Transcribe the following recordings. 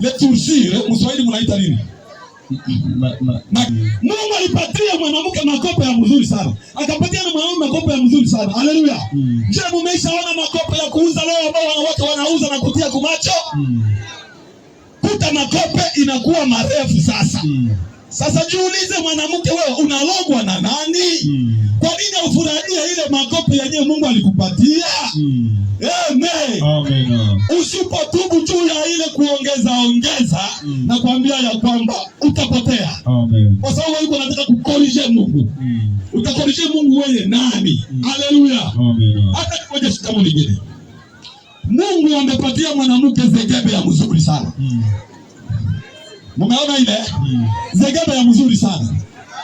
Letushire Mswahili mnaita nini? Mungu alipatia mwanamke makopo ya mzuri sana, akapatia na mwanaume makopo ya mzuri sana. Haleluya! Mm. Je, mumeshaona makopo ya kuuza leo ambao wanawake wanauza na kutia kumacho? Mm. Kuta makope inakuwa marefu sasa. Mm. Sasa jiulize mwanamke, wewe unalogwa na nani? Kwa nini ufurahie ile makopo yenyewe Mungu alikupatia? Amen. Amen kuongeza ongeza mm. na kuambia ya kwamba utapotea kwa sababu wewe unataka kukorishe Mungu mm. utakorishe Mungu wewe nani? mm. Haleluya, hata kimoja shikamoo lingine. Mungu amepatia mwanamke zegebe ya mzuri sana mm. ile mm. zegebe ya mzuri sana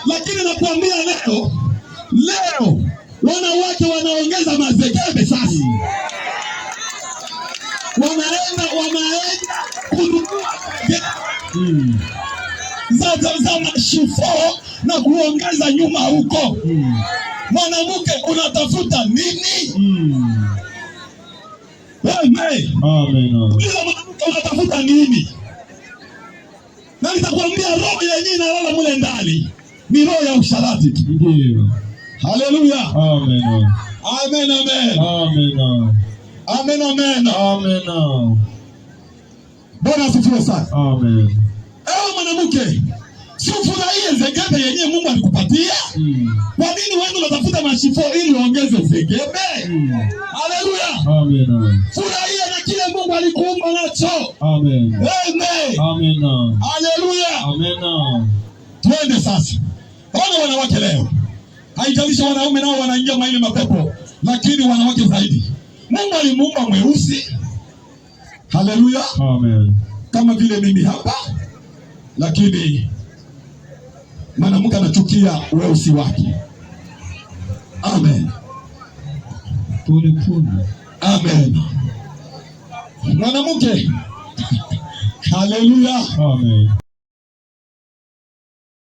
lakini nakuambia leo leo wanawake wanaongeza mazegebe sasa mm wanaenda wanaenda kununua hmm. za shifo na kuongeza nyuma huko. Hmm. Mwanamke, unatafuta nini? Hmm. Mwanamke, unatafuta nini? Na nitakwambia roho yenyewe inalala mule ndani ni roho ya usharati tu. Haleluya. Amen. Amen. Amen. Amen. Amen, amen. Amen. Bwana asifiwe sana. Amen. Ewe mwanamke, si ufurahie zegebe yenye Mungu alikupatia? Mm. Kwa nini wewe unatafuta mashifo ili uongeze zegebe? Mm. Haleluya. Amen. Amen. Furahia na kile Mungu alikuumba nacho. Amen. Amen. Amen. Haleluya. Amen. Twende sasa. Ona wanawake leo. Haijalishi wanaume nao wanaingia maili mapepo, lakini wanawake zaidi. Mungu alimuumba mweusi. Haleluya, amen. Kama vile mimi hapa, lakini mwanamke anachukia weusi wake. Amen. Pole pole. Amen. Mwanamke. Haleluya. Amen.